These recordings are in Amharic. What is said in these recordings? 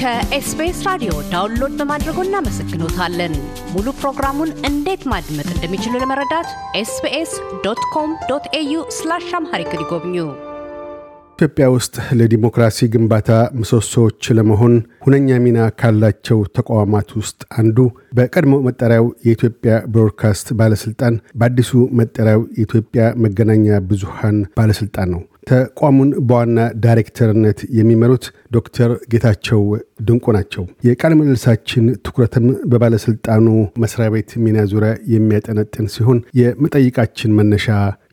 ከኤስቢኤስ ራዲዮ ዳውንሎድ በማድረጎ እናመሰግኖታለን። ሙሉ ፕሮግራሙን እንዴት ማድመጥ እንደሚችሉ ለመረዳት ኤስቢኤስ ዶት ኮም ዶት ኤዩ ስላሽ አምሃሪክ ይጎብኙ። ኢትዮጵያ ውስጥ ለዲሞክራሲ ግንባታ ምሰሶዎች ለመሆን ሁነኛ ሚና ካላቸው ተቋማት ውስጥ አንዱ በቀድሞ መጠሪያው የኢትዮጵያ ብሮድካስት ባለስልጣን በአዲሱ መጠሪያው የኢትዮጵያ መገናኛ ብዙሃን ባለስልጣን ነው። ተቋሙን በዋና ዳይሬክተርነት የሚመሩት ዶክተር ጌታቸው ድንቁ ናቸው። የቃለ ምልልሳችን ትኩረትም በባለስልጣኑ መስሪያ ቤት ሚና ዙሪያ የሚያጠነጥን ሲሆን የመጠይቃችን መነሻ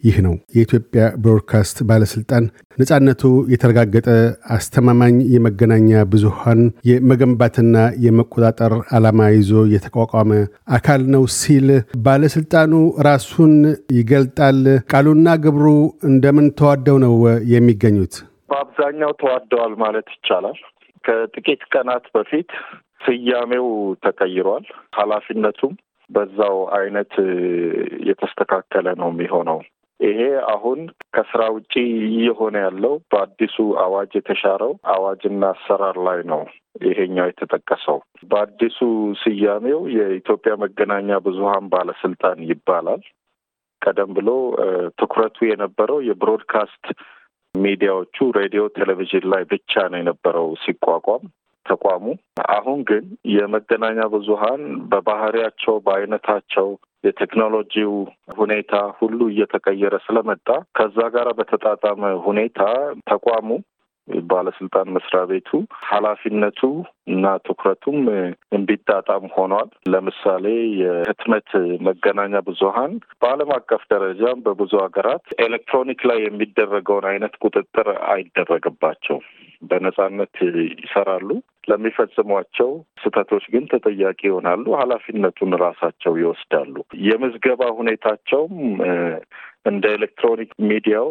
ይህ ነው። የኢትዮጵያ ብሮድካስት ባለስልጣን ነጻነቱ የተረጋገጠ አስተማማኝ የመገናኛ ብዙሃን የመገንባትና የመቆጣጠር ዓላማ ይዞ የተቋቋመ አካል ነው ሲል ባለስልጣኑ ራሱን ይገልጣል። ቃሉና ግብሩ እንደምን ተዋደው ነው የሚገኙት? በአብዛኛው ተዋደዋል ማለት ይቻላል። ከጥቂት ቀናት በፊት ስያሜው ተቀይሯል። ኃላፊነቱም በዛው አይነት የተስተካከለ ነው የሚሆነው። ይሄ አሁን ከስራ ውጪ እየሆነ ያለው በአዲሱ አዋጅ የተሻረው አዋጅና አሰራር ላይ ነው። ይሄኛው የተጠቀሰው በአዲሱ ስያሜው የኢትዮጵያ መገናኛ ብዙሃን ባለስልጣን ይባላል። ቀደም ብሎ ትኩረቱ የነበረው የብሮድካስት ሚዲያዎቹ ሬዲዮ፣ ቴሌቪዥን ላይ ብቻ ነው የነበረው ሲቋቋም ተቋሙ። አሁን ግን የመገናኛ ብዙሃን በባህሪያቸው፣ በአይነታቸው፣ የቴክኖሎጂው ሁኔታ ሁሉ እየተቀየረ ስለመጣ ከዛ ጋር በተጣጣመ ሁኔታ ተቋሙ ባለስልጣን መስሪያ ቤቱ ኃላፊነቱ እና ትኩረቱም እንዲጣጣም ሆኗል። ለምሳሌ የህትመት መገናኛ ብዙሀን በዓለም አቀፍ ደረጃም በብዙ ሀገራት ኤሌክትሮኒክ ላይ የሚደረገውን አይነት ቁጥጥር አይደረግባቸውም። በነጻነት ይሰራሉ። ለሚፈጽሟቸው ስህተቶች ግን ተጠያቂ ይሆናሉ። ኃላፊነቱን ራሳቸው ይወስዳሉ። የምዝገባ ሁኔታቸውም እንደ ኤሌክትሮኒክ ሚዲያው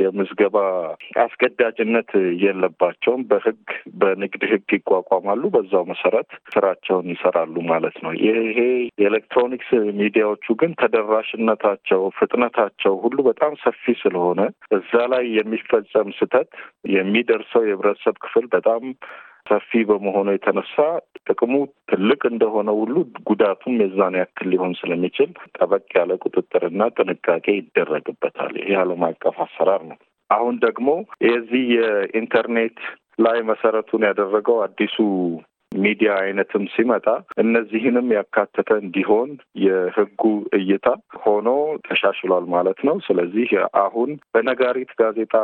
የምዝገባ አስገዳጅነት የለባቸውም። በህግ በንግድ ህግ ይቋቋማሉ። በዛው መሰረት ስራቸውን ይሰራሉ ማለት ነው። ይሄ የኤሌክትሮኒክስ ሚዲያዎቹ ግን ተደራሽነታቸው፣ ፍጥነታቸው ሁሉ በጣም ሰፊ ስለሆነ እዛ ላይ የሚፈጸም ስህተት የሚደርሰው የህብረተሰብ ክፍል በጣም ሰፊ በመሆኑ የተነሳ ጥቅሙ ትልቅ እንደሆነ ሁሉ ጉዳቱም የዛን ያክል ሊሆን ስለሚችል ጠበቅ ያለ ቁጥጥርና ጥንቃቄ ይደረግበታል። ይህ ዓለም አቀፍ አሰራር ነው። አሁን ደግሞ የዚህ የኢንተርኔት ላይ መሰረቱን ያደረገው አዲሱ ሚዲያ አይነትም ሲመጣ እነዚህንም ያካተተ እንዲሆን የህጉ እይታ ሆኖ ተሻሽሏል ማለት ነው። ስለዚህ አሁን በነጋሪት ጋዜጣ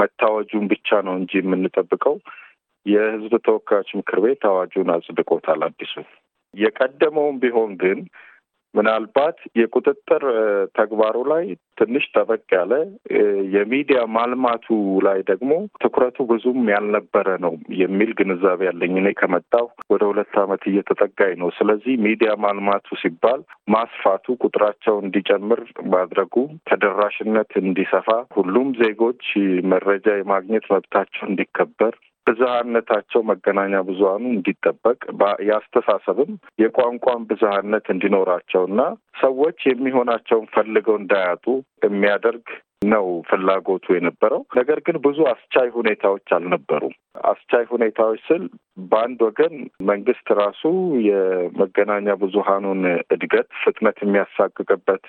መታወጁን ብቻ ነው እንጂ የምንጠብቀው የህዝብ ተወካዮች ምክር ቤት አዋጁን አጽድቆታል አዲሱ። የቀደመውም ቢሆን ግን ምናልባት የቁጥጥር ተግባሩ ላይ ትንሽ ጠበቅ ያለ የሚዲያ ማልማቱ ላይ ደግሞ ትኩረቱ ብዙም ያልነበረ ነው የሚል ግንዛቤ ያለኝ እኔ ከመጣሁ ወደ ሁለት ዓመት እየተጠጋኝ ነው። ስለዚህ ሚዲያ ማልማቱ ሲባል ማስፋቱ፣ ቁጥራቸው እንዲጨምር ማድረጉ፣ ተደራሽነት እንዲሰፋ፣ ሁሉም ዜጎች መረጃ የማግኘት መብታቸው እንዲከበር ብዝሃነታቸው መገናኛ ብዙሀኑ እንዲጠበቅ ያስተሳሰብም የቋንቋን ብዝሃነት እንዲኖራቸውና ሰዎች የሚሆናቸውን ፈልገው እንዳያጡ የሚያደርግ ነው ፍላጎቱ የነበረው። ነገር ግን ብዙ አስቻይ ሁኔታዎች አልነበሩም። አስቻይ ሁኔታዎች ስል በአንድ ወገን መንግስት ራሱ የመገናኛ ብዙሀኑን እድገት ፍጥነት የሚያሳቅቅበት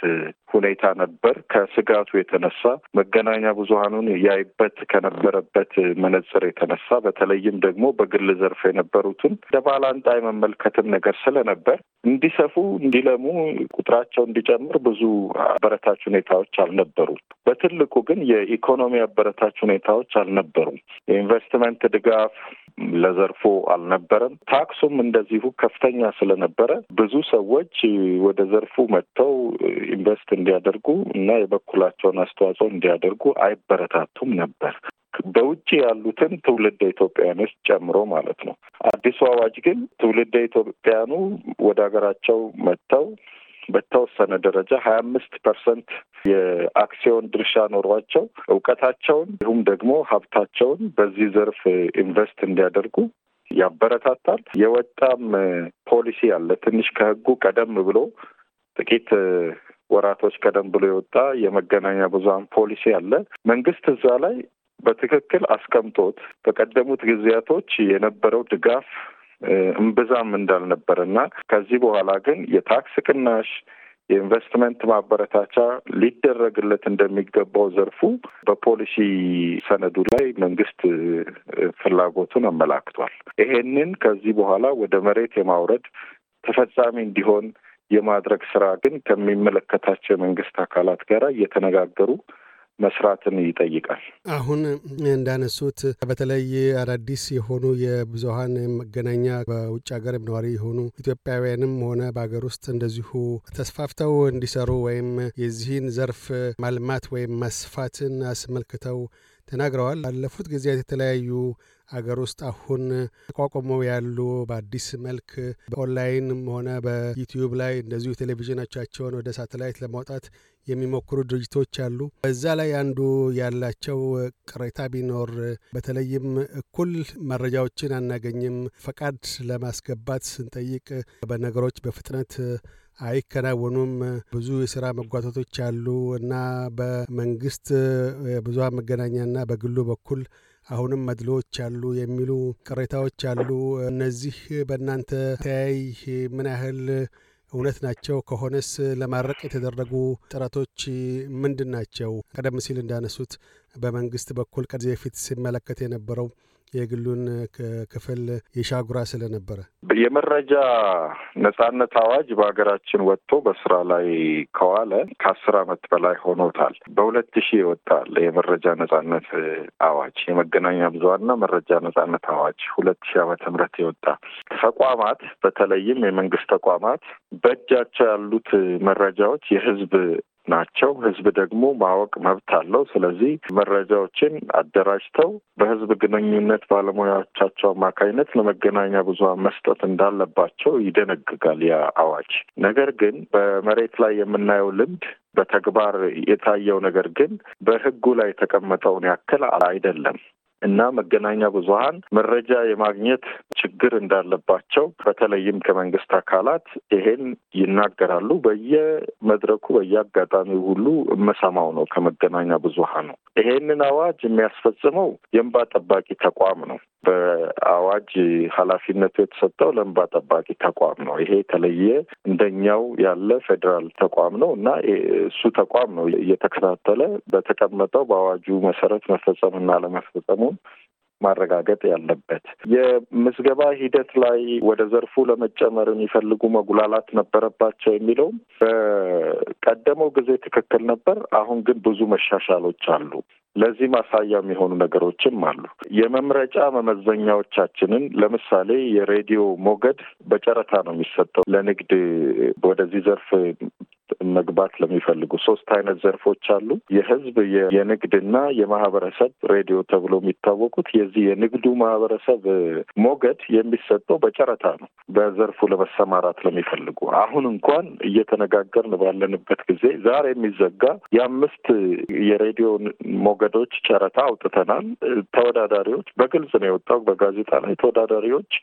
ሁኔታ ነበር። ከስጋቱ የተነሳ መገናኛ ብዙሀኑን ያይበት ከነበረበት መነጽር የተነሳ በተለይም ደግሞ በግል ዘርፍ የነበሩትን ለባላንጣ የመመልከትም ነገር ስለነበር እንዲሰፉ፣ እንዲለሙ፣ ቁጥራቸው እንዲጨምር ብዙ አበረታች ሁኔታዎች አልነበሩም። በትልቁ ግን የኢኮኖሚ አበረታች ሁኔታዎች አልነበሩም። የኢንቨስትመንት ድጋፍ ለዘርፎ አልነበረም። ታክሱም እንደዚሁ ከፍተኛ ስለነበረ ብዙ ሰዎች ወደ ዘርፉ መጥተው ኢንቨስት እንዲያደርጉ እና የበኩላቸውን አስተዋጽኦ እንዲያደርጉ አይበረታቱም ነበር በውጭ ያሉትን ትውልደ ኢትዮጵያውያኖች ጨምሮ ማለት ነው። አዲሱ አዋጅ ግን ትውልደ ኢትዮጵያኑ ወደ ሀገራቸው መጥተው በተወሰነ ደረጃ ሀያ አምስት ፐርሰንት የአክሲዮን ድርሻ ኖሯቸው እውቀታቸውን እንዲሁም ደግሞ ሀብታቸውን በዚህ ዘርፍ ኢንቨስት እንዲያደርጉ ያበረታታል። የወጣም ፖሊሲ አለ። ትንሽ ከህጉ ቀደም ብሎ ጥቂት ወራቶች ቀደም ብሎ የወጣ የመገናኛ ብዙኃን ፖሊሲ አለ። መንግስት እዛ ላይ በትክክል አስቀምጦት በቀደሙት ጊዜያቶች የነበረው ድጋፍ እምብዛም እንዳልነበር እና ከዚህ በኋላ ግን የታክስ ቅናሽ የኢንቨስትመንት ማበረታቻ ሊደረግለት እንደሚገባው ዘርፉ በፖሊሲ ሰነዱ ላይ መንግስት ፍላጎቱን አመላክቷል። ይሄንን ከዚህ በኋላ ወደ መሬት የማውረድ ተፈጻሚ እንዲሆን የማድረግ ስራ ግን ከሚመለከታቸው የመንግስት አካላት ጋር እየተነጋገሩ መስራትን ይጠይቃል። አሁን እንዳነሱት በተለይ አዳዲስ የሆኑ የብዙሀን መገናኛ በውጭ ሀገር ነዋሪ የሆኑ ኢትዮጵያውያንም ሆነ በሀገር ውስጥ እንደዚሁ ተስፋፍተው እንዲሰሩ ወይም የዚህን ዘርፍ ማልማት ወይም ማስፋትን አስመልክተው ተናግረዋል። ባለፉት ጊዜያት የተለያዩ አገር ውስጥ አሁን ተቋቁመው ያሉ በአዲስ መልክ በኦንላይንም ሆነ በዩትዩብ ላይ እንደዚሁ ቴሌቪዥኖቻቸውን ወደ ሳተላይት ለማውጣት የሚሞክሩ ድርጅቶች አሉ። በዛ ላይ አንዱ ያላቸው ቅሬታ ቢኖር በተለይም እኩል መረጃዎችን አናገኝም፣ ፈቃድ ለማስገባት ስንጠይቅ በነገሮች በፍጥነት አይከናወኑም፣ ብዙ የስራ መጓተቶች አሉ እና በመንግስት ብዙሃን መገናኛና በግሉ በኩል አሁንም መድሎዎች አሉ የሚሉ ቅሬታዎች አሉ። እነዚህ በእናንተ ተያይ ምን ያህል እውነት ናቸው? ከሆነስ ለማረቅ የተደረጉ ጥረቶች ምንድን ናቸው? ቀደም ሲል እንዳነሱት በመንግስት በኩል ከዚህ በፊት ሲመለከት የነበረው የግሉን ክፍል ይሻጉራ ስለነበረ የመረጃ ነጻነት አዋጅ በሀገራችን ወጥቶ በስራ ላይ ከዋለ ከአስር አመት በላይ ሆኖታል። በሁለት ሺህ ይወጣል የመረጃ ነጻነት አዋጅ የመገናኛ ብዙሀንና መረጃ ነጻነት አዋጅ ሁለት ሺህ አመተ ምህረት የወጣ ተቋማት በተለይም የመንግስት ተቋማት በእጃቸው ያሉት መረጃዎች የህዝብ ናቸው። ህዝብ ደግሞ ማወቅ መብት አለው። ስለዚህ መረጃዎችን አደራጅተው በህዝብ ግንኙነት ባለሙያዎቻቸው አማካኝነት ለመገናኛ ብዙሃን መስጠት እንዳለባቸው ይደነግጋል ያ አዋጅ። ነገር ግን በመሬት ላይ የምናየው ልምድ በተግባር የታየው ነገር ግን በህጉ ላይ የተቀመጠውን ያክል አይደለም። እና መገናኛ ብዙኃን መረጃ የማግኘት ችግር እንዳለባቸው በተለይም ከመንግስት አካላት ይሄን ይናገራሉ። በየመድረኩ በየአጋጣሚው ሁሉ እመሰማው ነው ከመገናኛ ብዙኃን ነው። ይሄንን አዋጅ የሚያስፈጽመው የእንባ ጠባቂ ተቋም ነው። በአዋጅ ኃላፊነቱ የተሰጠው ለእንባ ጠባቂ ተቋም ነው። ይሄ የተለየ እንደኛው ያለ ፌዴራል ተቋም ነው እና እሱ ተቋም ነው እየተከታተለ በተቀመጠው በአዋጁ መሰረት መፈጸምና ለመፈጸሙ ማረጋገጥ ያለበት። የምዝገባ ሂደት ላይ ወደ ዘርፉ ለመጨመር የሚፈልጉ መጉላላት ነበረባቸው የሚለውም በቀደመው ጊዜ ትክክል ነበር። አሁን ግን ብዙ መሻሻሎች አሉ። ለዚህ ማሳያ የሚሆኑ ነገሮችም አሉ። የመምረጫ መመዘኛዎቻችንን ለምሳሌ የሬዲዮ ሞገድ በጨረታ ነው የሚሰጠው ለንግድ ወደዚህ ዘርፍ መግባት ለሚፈልጉ ሶስት አይነት ዘርፎች አሉ። የህዝብ የንግድና የማህበረሰብ ሬዲዮ ተብሎ የሚታወቁት የዚህ የንግዱ ማህበረሰብ ሞገድ የሚሰጠው በጨረታ ነው። በዘርፉ ለመሰማራት ለሚፈልጉ አሁን እንኳን እየተነጋገርን ባለንበት ጊዜ ዛሬ የሚዘጋ የአምስት የሬዲዮ ሞገዶች ጨረታ አውጥተናል። ተወዳዳሪዎች በግልጽ ነው የወጣው በጋዜጣ ላይ ተወዳዳሪዎች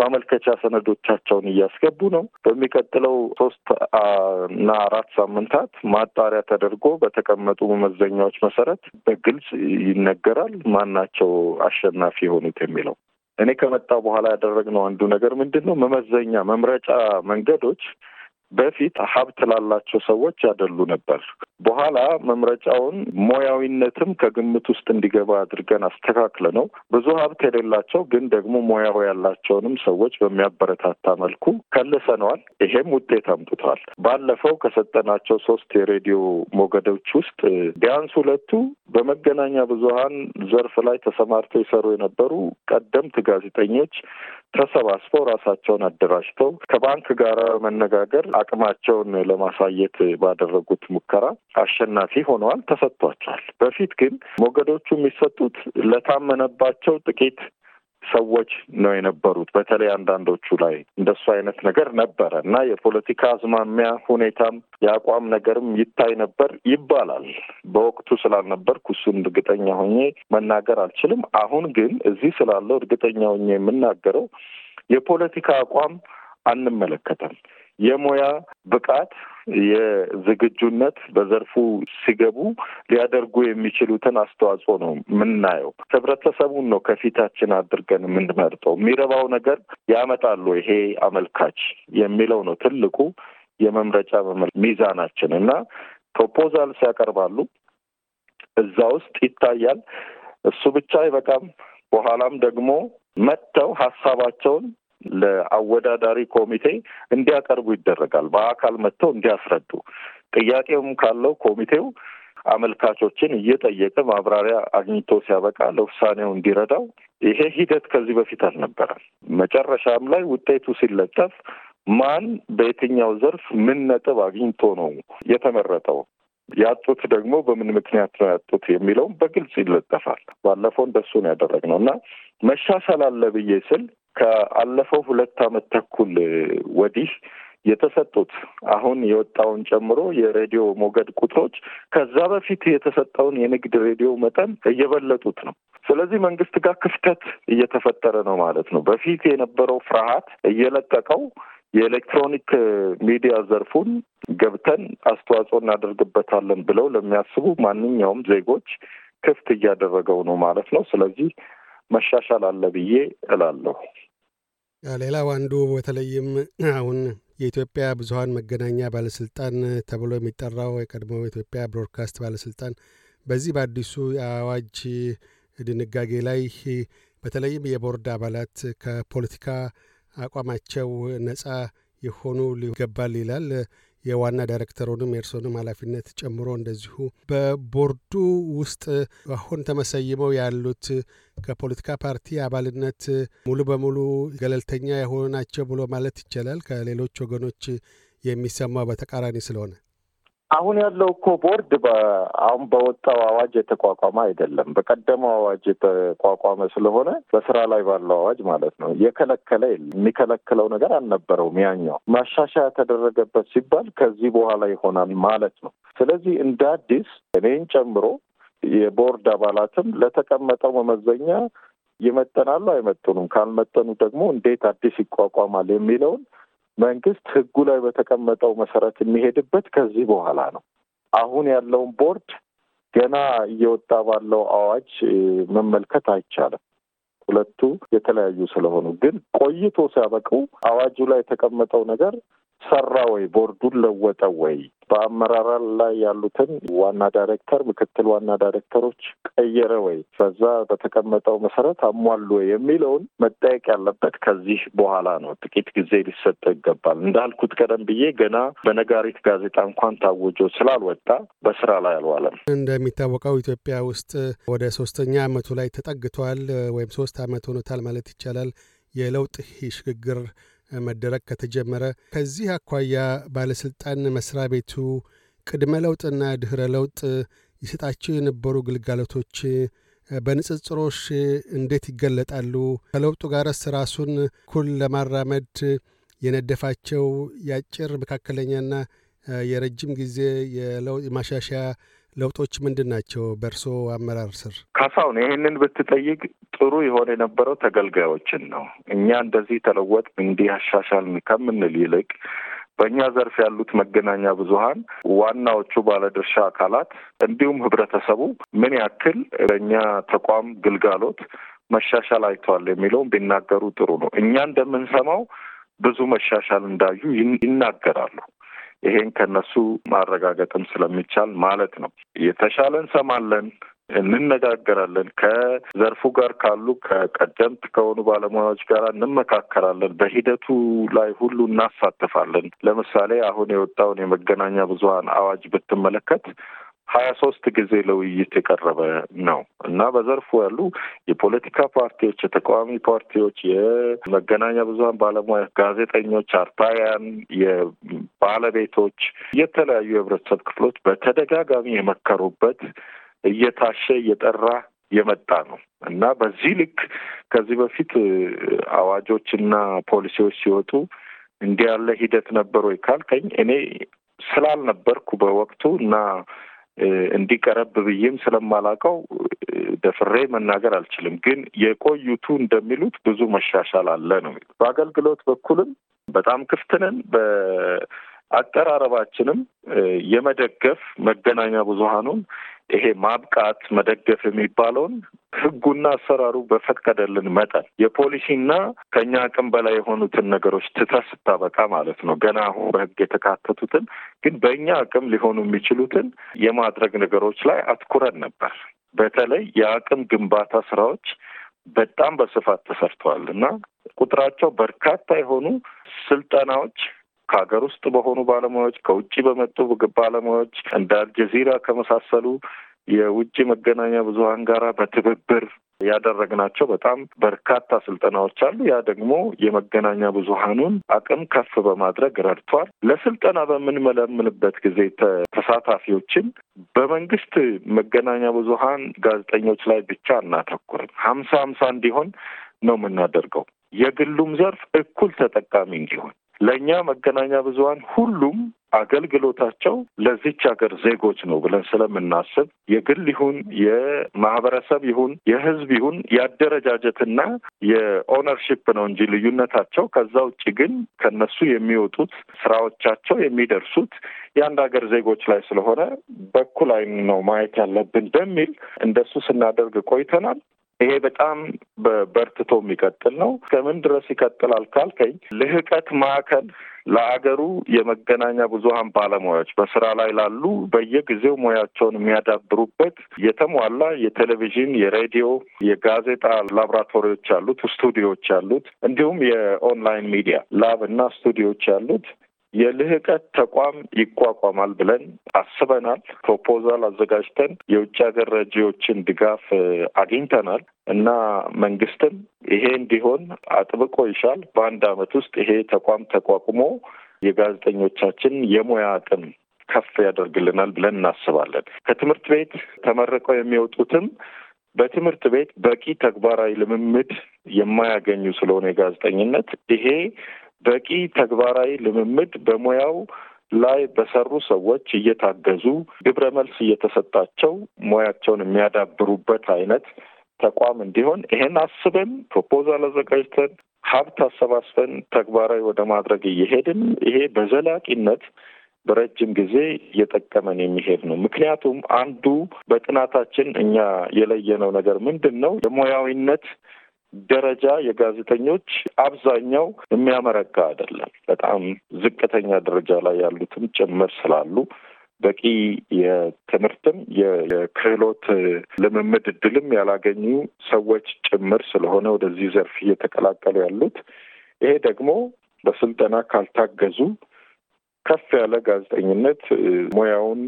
ማመልከቻ ሰነዶቻቸውን እያስገቡ ነው። በሚቀጥለው ሶስት እና አራት ሳምንታት ማጣሪያ ተደርጎ በተቀመጡ መመዘኛዎች መሰረት በግልጽ ይነገራል ማናቸው አሸናፊ የሆኑት የሚለው። እኔ ከመጣ በኋላ ያደረግነው አንዱ ነገር ምንድን ነው? መመዘኛ መምረጫ መንገዶች በፊት ሀብት ላላቸው ሰዎች ያደሉ ነበር። በኋላ መምረጫውን ሙያዊነትም ከግምት ውስጥ እንዲገባ አድርገን አስተካክለ ነው ብዙ ሀብት የሌላቸው ግን ደግሞ ሙያው ያላቸውንም ሰዎች በሚያበረታታ መልኩ ከልሰነዋል። ይሄም ውጤት አምጥቷል። ባለፈው ከሰጠናቸው ሶስት የሬዲዮ ሞገዶች ውስጥ ቢያንስ ሁለቱ በመገናኛ ብዙሀን ዘርፍ ላይ ተሰማርተው ይሰሩ የነበሩ ቀደምት ጋዜጠኞች ተሰባስበው ራሳቸውን አደራጅተው ከባንክ ጋር መነጋገር አቅማቸውን ለማሳየት ባደረጉት ሙከራ አሸናፊ ሆነዋል፣ ተሰጥቷቸዋል። በፊት ግን ሞገዶቹ የሚሰጡት ለታመነባቸው ጥቂት ሰዎች ነው የነበሩት። በተለይ አንዳንዶቹ ላይ እንደሱ አይነት ነገር ነበረ እና የፖለቲካ አዝማሚያ ሁኔታም የአቋም ነገርም ይታይ ነበር ይባላል። በወቅቱ ስላልነበርኩ እሱን እርግጠኛ ሆኜ መናገር አልችልም። አሁን ግን እዚህ ስላለው እርግጠኛ ሆኜ የምናገረው የፖለቲካ አቋም አንመለከተም። የሙያ ብቃት የዝግጁነት በዘርፉ ሲገቡ ሊያደርጉ የሚችሉትን አስተዋጽኦ ነው የምናየው። ህብረተሰቡን ነው ከፊታችን አድርገን የምንመርጠው። የሚረባው ነገር ያመጣሉ ይሄ አመልካች የሚለው ነው ትልቁ የመምረጫ ሚዛናችን እና ፕሮፖዛል ያቀርባሉ። እዛ ውስጥ ይታያል። እሱ ብቻ አይበቃም። በኋላም ደግሞ መጥተው ሀሳባቸውን ለአወዳዳሪ ኮሚቴ እንዲያቀርቡ ይደረጋል። በአካል መጥተው እንዲያስረዱ ጥያቄውም ካለው ኮሚቴው አመልካቾችን እየጠየቀ ማብራሪያ አግኝቶ ሲያበቃ ለውሳኔው እንዲረዳው ይሄ ሂደት ከዚህ በፊት አልነበረም። መጨረሻም ላይ ውጤቱ ሲለጠፍ ማን በየትኛው ዘርፍ ምን ነጥብ አግኝቶ ነው የተመረጠው ያጡት ደግሞ በምን ምክንያት ነው ያጡት የሚለውም በግልጽ ይለጠፋል። ባለፈው እንደሱ ነው ያደረግነው እና መሻሻል አለ ብዬ ስል ከአለፈው ሁለት አመት ተኩል ወዲህ የተሰጡት አሁን የወጣውን ጨምሮ የሬዲዮ ሞገድ ቁጥሮች ከዛ በፊት የተሰጠውን የንግድ ሬዲዮ መጠን እየበለጡት ነው። ስለዚህ መንግስት ጋር ክፍተት እየተፈጠረ ነው ማለት ነው። በፊት የነበረው ፍርሃት እየለቀቀው የኤሌክትሮኒክ ሚዲያ ዘርፉን ገብተን አስተዋጽኦ እናደርግበታለን ብለው ለሚያስቡ ማንኛውም ዜጎች ክፍት እያደረገው ነው ማለት ነው። ስለዚህ መሻሻል አለ ብዬ እላለሁ። ሌላው አንዱ በተለይም አሁን የኢትዮጵያ ብዙሀን መገናኛ ባለስልጣን ተብሎ የሚጠራው የቀድሞ ኢትዮጵያ ብሮድካስት ባለስልጣን በዚህ በአዲሱ የአዋጅ ድንጋጌ ላይ በተለይም የቦርድ አባላት ከፖለቲካ አቋማቸው ነፃ የሆኑ ሊገባል ይላል። የዋና ዳይሬክተሩንም የእርሶንም ኃላፊነት ጨምሮ እንደዚሁ በቦርዱ ውስጥ አሁን ተመሰይመው ያሉት ከፖለቲካ ፓርቲ አባልነት ሙሉ በሙሉ ገለልተኛ የሆኑ ናቸው ብሎ ማለት ይቻላል? ከሌሎች ወገኖች የሚሰማው በተቃራኒ ስለሆነ አሁን ያለው እኮ ቦርድ አሁን በወጣው አዋጅ የተቋቋመ አይደለም። በቀደመው አዋጅ የተቋቋመ ስለሆነ በስራ ላይ ባለው አዋጅ ማለት ነው። የከለከለ የለም የሚከለክለው ነገር አልነበረውም። ያኛው ማሻሻያ ተደረገበት ሲባል ከዚህ በኋላ ይሆናል ማለት ነው። ስለዚህ እንደ አዲስ እኔን ጨምሮ የቦርድ አባላትም ለተቀመጠው መመዘኛ ይመጠናሉ አይመጥኑም፣ ካልመጠኑ ደግሞ እንዴት አዲስ ይቋቋማል የሚለውን መንግስት ህጉ ላይ በተቀመጠው መሰረት የሚሄድበት ከዚህ በኋላ ነው። አሁን ያለውን ቦርድ ገና እየወጣ ባለው አዋጅ መመልከት አይቻልም። ሁለቱ የተለያዩ ስለሆኑ ግን ቆይቶ ሲያበቁ አዋጁ ላይ የተቀመጠው ነገር ሰራ ወይ? ቦርዱን ለወጠ ወይ? በአመራር ላይ ያሉትን ዋና ዳይሬክተር፣ ምክትል ዋና ዳይሬክተሮች ቀየረ ወይ? በዛ በተቀመጠው መሰረት አሟሉ ወይ የሚለውን መጠየቅ ያለበት ከዚህ በኋላ ነው። ጥቂት ጊዜ ሊሰጠው ይገባል። እንዳልኩት ቀደም ብዬ ገና በነጋሪት ጋዜጣ እንኳን ታውጆ ስላልወጣ በስራ ላይ አልዋለም። እንደሚታወቀው ኢትዮጵያ ውስጥ ወደ ሶስተኛ አመቱ ላይ ተጠግቷል፣ ወይም ሶስት አመት ሆኖታል ማለት ይቻላል የለውጥ ሽግግር መደረግ ከተጀመረ ከዚህ አኳያ ባለሥልጣን መስሪያ ቤቱ ቅድመ ለውጥና ድኅረ ለውጥ ይሰጣቸው የነበሩ ግልጋሎቶች በንጽጽሮች እንዴት ይገለጣሉ? ከለውጡ ጋርስ ራሱን እኩል ለማራመድ የነደፋቸው የአጭር መካከለኛና የረጅም ጊዜ የለውጥ ማሻሻያ ለውጦች ምንድን ናቸው በእርሶ አመራር ስር? ካሳሁን ይህንን ብትጠይቅ ጥሩ የሆነ የነበረው ተገልጋዮችን ነው። እኛ እንደዚህ ተለወጥ እንዲህ አሻሻል ከምንል ይልቅ በእኛ ዘርፍ ያሉት መገናኛ ብዙኃን ዋናዎቹ ባለድርሻ አካላት እንዲሁም ህብረተሰቡ ምን ያክል በእኛ ተቋም ግልጋሎት መሻሻል አይተዋል የሚለውን ቢናገሩ ጥሩ ነው። እኛ እንደምንሰማው ብዙ መሻሻል እንዳዩ ይናገራሉ። ይሄን ከነሱ ማረጋገጥም ስለሚቻል ማለት ነው። የተሻለ እንሰማለን፣ እንነጋገራለን፣ ከዘርፉ ጋር ካሉ ከቀደምት ከሆኑ ባለሙያዎች ጋር እንመካከራለን፣ በሂደቱ ላይ ሁሉ እናሳትፋለን። ለምሳሌ አሁን የወጣውን የመገናኛ ብዙኃን አዋጅ ብትመለከት ሀያ ሶስት ጊዜ ለውይይት የቀረበ ነው እና በዘርፉ ያሉ የፖለቲካ ፓርቲዎች፣ የተቃዋሚ ፓርቲዎች፣ የመገናኛ ብዙኃን ባለሙያ፣ ጋዜጠኞች፣ አርታያን፣ የባለቤቶች የተለያዩ የህብረተሰብ ክፍሎች በተደጋጋሚ የመከሩበት እየታሸ እየጠራ የመጣ ነው እና በዚህ ልክ ከዚህ በፊት አዋጆች እና ፖሊሲዎች ሲወጡ እንዲህ ያለ ሂደት ነበር ወይ ካልከኝ እኔ ስላልነበርኩ በወቅቱ እና እንዲቀረብ ብዬም ስለማላውቀው ደፍሬ መናገር አልችልም። ግን የቆዩቱ እንደሚሉት ብዙ መሻሻል አለ ነው። በአገልግሎት በኩልም በጣም ክፍት ነን። በአቀራረባችንም የመደገፍ መገናኛ ብዙኃኑን ይሄ ማብቃት መደገፍ የሚባለውን ህጉና አሰራሩ በፈቀደልን መጠን የፖሊሲና ከኛ አቅም በላይ የሆኑትን ነገሮች ትተህ ስታበቃ ማለት ነው። ገና አሁን በህግ የተካተቱትን ግን በእኛ አቅም ሊሆኑ የሚችሉትን የማድረግ ነገሮች ላይ አትኩረን ነበር። በተለይ የአቅም ግንባታ ስራዎች በጣም በስፋት ተሰርተዋል እና ቁጥራቸው በርካታ የሆኑ ስልጠናዎች ከሀገር ውስጥ በሆኑ ባለሙያዎች፣ ከውጭ በመጡ ባለሙያዎች እንደ አልጀዚራ ከመሳሰሉ የውጭ መገናኛ ብዙሀን ጋራ በትብብር ያደረግናቸው በጣም በርካታ ስልጠናዎች አሉ። ያ ደግሞ የመገናኛ ብዙሀኑን አቅም ከፍ በማድረግ ረድቷል። ለስልጠና በምንመለምንበት ጊዜ ተሳታፊዎችን በመንግስት መገናኛ ብዙሀን ጋዜጠኞች ላይ ብቻ እናተኩርም። ሀምሳ ሀምሳ እንዲሆን ነው የምናደርገው የግሉም ዘርፍ እኩል ተጠቃሚ እንዲሆን ለእኛ መገናኛ ብዙሀን ሁሉም አገልግሎታቸው ለዚች ሀገር ዜጎች ነው ብለን ስለምናስብ የግል ይሁን የማህበረሰብ ይሁን የህዝብ ይሁን የአደረጃጀትና የኦነርሺፕ ነው እንጂ ልዩነታቸው። ከዛ ውጭ ግን ከነሱ የሚወጡት ስራዎቻቸው የሚደርሱት የአንድ ሀገር ዜጎች ላይ ስለሆነ በኩል ነው ማየት ያለብን በሚል እንደሱ ስናደርግ ቆይተናል። ይሄ በጣም በበርትቶ የሚቀጥል ነው። እስከምን ድረስ ይቀጥላል ካልከኝ ልህቀት ማዕከል ለአገሩ የመገናኛ ብዙሃን ባለሙያዎች በስራ ላይ ላሉ በየጊዜው ሙያቸውን የሚያዳብሩበት የተሟላ የቴሌቪዥን፣ የሬዲዮ፣ የጋዜጣ ላብራቶሪዎች ያሉት ስቱዲዮዎች ያሉት እንዲሁም የኦንላይን ሚዲያ ላብ እና ስቱዲዮዎች ያሉት የልህቀት ተቋም ይቋቋማል ብለን አስበናል። ፕሮፖዛል አዘጋጅተን የውጭ ሀገር ረጂዎችን ድጋፍ አግኝተናል እና መንግስትም ይሄ እንዲሆን አጥብቆ ይሻል። በአንድ አመት ውስጥ ይሄ ተቋም ተቋቁሞ የጋዜጠኞቻችን የሙያ አቅም ከፍ ያደርግልናል ብለን እናስባለን። ከትምህርት ቤት ተመርቀው የሚወጡትም በትምህርት ቤት በቂ ተግባራዊ ልምምድ የማያገኙ ስለሆነ የጋዜጠኝነት ይሄ በቂ ተግባራዊ ልምምድ በሙያው ላይ በሰሩ ሰዎች እየታገዙ ግብረ መልስ እየተሰጣቸው ሙያቸውን የሚያዳብሩበት አይነት ተቋም እንዲሆን ይሄን አስበን ፕሮፖዛል አዘጋጅተን ሀብት አሰባስበን ተግባራዊ ወደ ማድረግ እየሄድን ይሄ በዘላቂነት በረጅም ጊዜ እየጠቀመን የሚሄድ ነው። ምክንያቱም አንዱ በጥናታችን እኛ የለየነው ነገር ምንድን ነው የሙያዊነት ደረጃ የጋዜጠኞች አብዛኛው የሚያመረጋ አይደለም። በጣም ዝቅተኛ ደረጃ ላይ ያሉትም ጭምር ስላሉ በቂ የትምህርትም የክህሎት ልምምድ እድልም ያላገኙ ሰዎች ጭምር ስለሆነ ወደዚህ ዘርፍ እየተቀላቀሉ ያሉት። ይሄ ደግሞ በስልጠና ካልታገዙ ከፍ ያለ ጋዜጠኝነት ሙያውን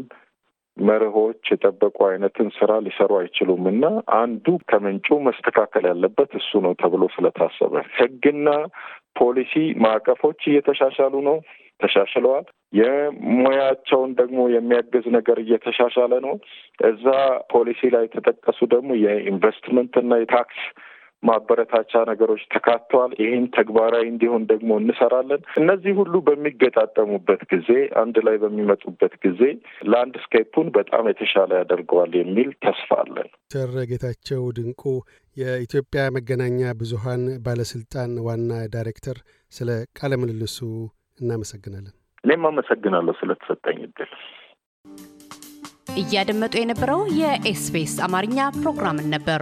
መርሆች የጠበቁ አይነትን ስራ ሊሰሩ አይችሉም እና አንዱ ከምንጩ መስተካከል ያለበት እሱ ነው ተብሎ ስለታሰበ ህግና ፖሊሲ ማዕቀፎች እየተሻሻሉ ነው፣ ተሻሽለዋል። የሙያቸውን ደግሞ የሚያግዝ ነገር እየተሻሻለ ነው። እዛ ፖሊሲ ላይ የተጠቀሱ ደግሞ የኢንቨስትመንት እና የታክስ ማበረታቻ ነገሮች ተካተዋል። ይህም ተግባራዊ እንዲሆን ደግሞ እንሰራለን። እነዚህ ሁሉ በሚገጣጠሙበት ጊዜ፣ አንድ ላይ በሚመጡበት ጊዜ ላንድስኬፑን በጣም የተሻለ ያደርገዋል የሚል ተስፋ አለን። ሰር ጌታቸው ድንቁ የኢትዮጵያ መገናኛ ብዙኃን ባለስልጣን ዋና ዳይሬክተር፣ ስለ ቃለ ምልልሱ እናመሰግናለን። እኔም አመሰግናለሁ ስለተሰጠኝ እድል። እያደመጡ የነበረው የኤስቢኤስ አማርኛ ፕሮግራምን ነበር።